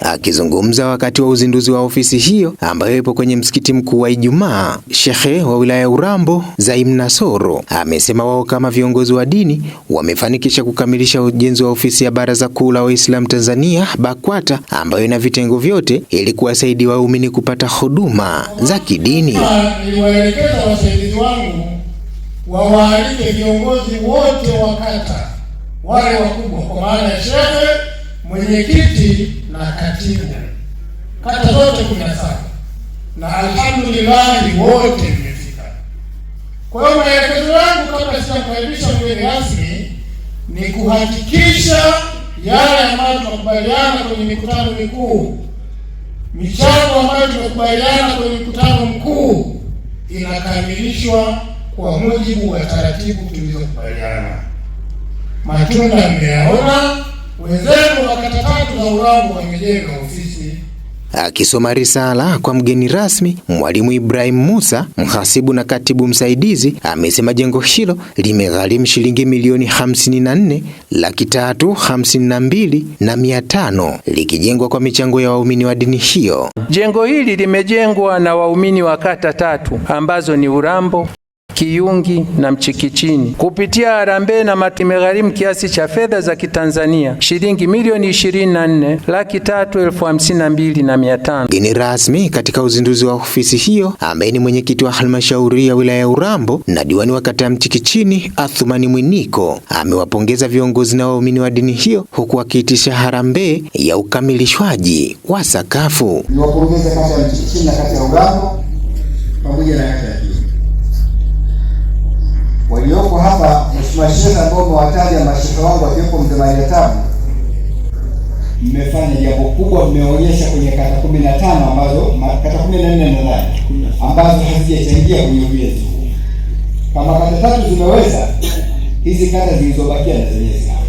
Akizungumza wakati wa uzinduzi wa ofisi hiyo ambayo ipo kwenye msikiti mkuu wa Ijumaa, shekhe wa wilaya ya Urambo Zaim Nasoro amesema wao kama viongozi wa dini wamefanikisha kukamilisha ujenzi wa ofisi ya Baraza Kuu la Waislamu Tanzania BAKWATA ambayo ina vitengo vyote ili kuwasaidia waumini kupata huduma za kidini. Niliwaelekeza wasaidizi wangu wawaalike viongozi wote wa kata wale wakubwa, kwa maana shehe mwenyekiti na katibu kata zote kumi na saba, na alhamdulillahi wote mmefika. Kwa hiyo maelekezo yangu kabla sijakaribisha mgeni rasmi ni kuhakikisha yale ambayo tunakubaliana kwenye mikutano mikuu, michango ambayo tumekubaliana kwenye mkutano mkuu inakamilishwa kwa mujibu wa taratibu tulizokubaliana. Matunda mmeyaona wenzenu Akisoma risala kwa mgeni rasmi, Mwalimu Ibrahim Musa, mhasibu na katibu msaidizi, amesema jengo hilo limegharimu shilingi milioni 54 laki tatu na mbili likijengwa kwa michango ya waumini wa dini hiyo. Jengo hili limejengwa na waumini wa kata tatu ambazo ni Urambo, Kiyungi na Mchikichini kupitia harambee na matimegharimu kiasi cha fedha za Kitanzania shilingi milioni 24 laki tatu elfu hamsini na mbili na mia tano. Ini rasmi katika uzinduzi wa ofisi hiyo ambaye ni mwenyekiti wa halmashauri ya wilaya ya Urambo na diwani wa kata ya Mchikichini Athumani Mwiniko amewapongeza viongozi na waumini wa dini hiyo huku akiitisha harambee ya ukamilishwaji wa sakafu. Niwapongeze kata ya Mchikichini na kata ya Urambo pamoja na kata mashehe ambao umewataja mashehe wangu wakiwepo mzee Tabu, mmefanya jambo kubwa, mmeonyesha kwenye kata kumi na tano ambazo kata kumi na nne nadhani ambazo hazijachangia kwenye ujenzi. Kama kata tatu zimeweza, hizi kata zilizobakia na zenyewe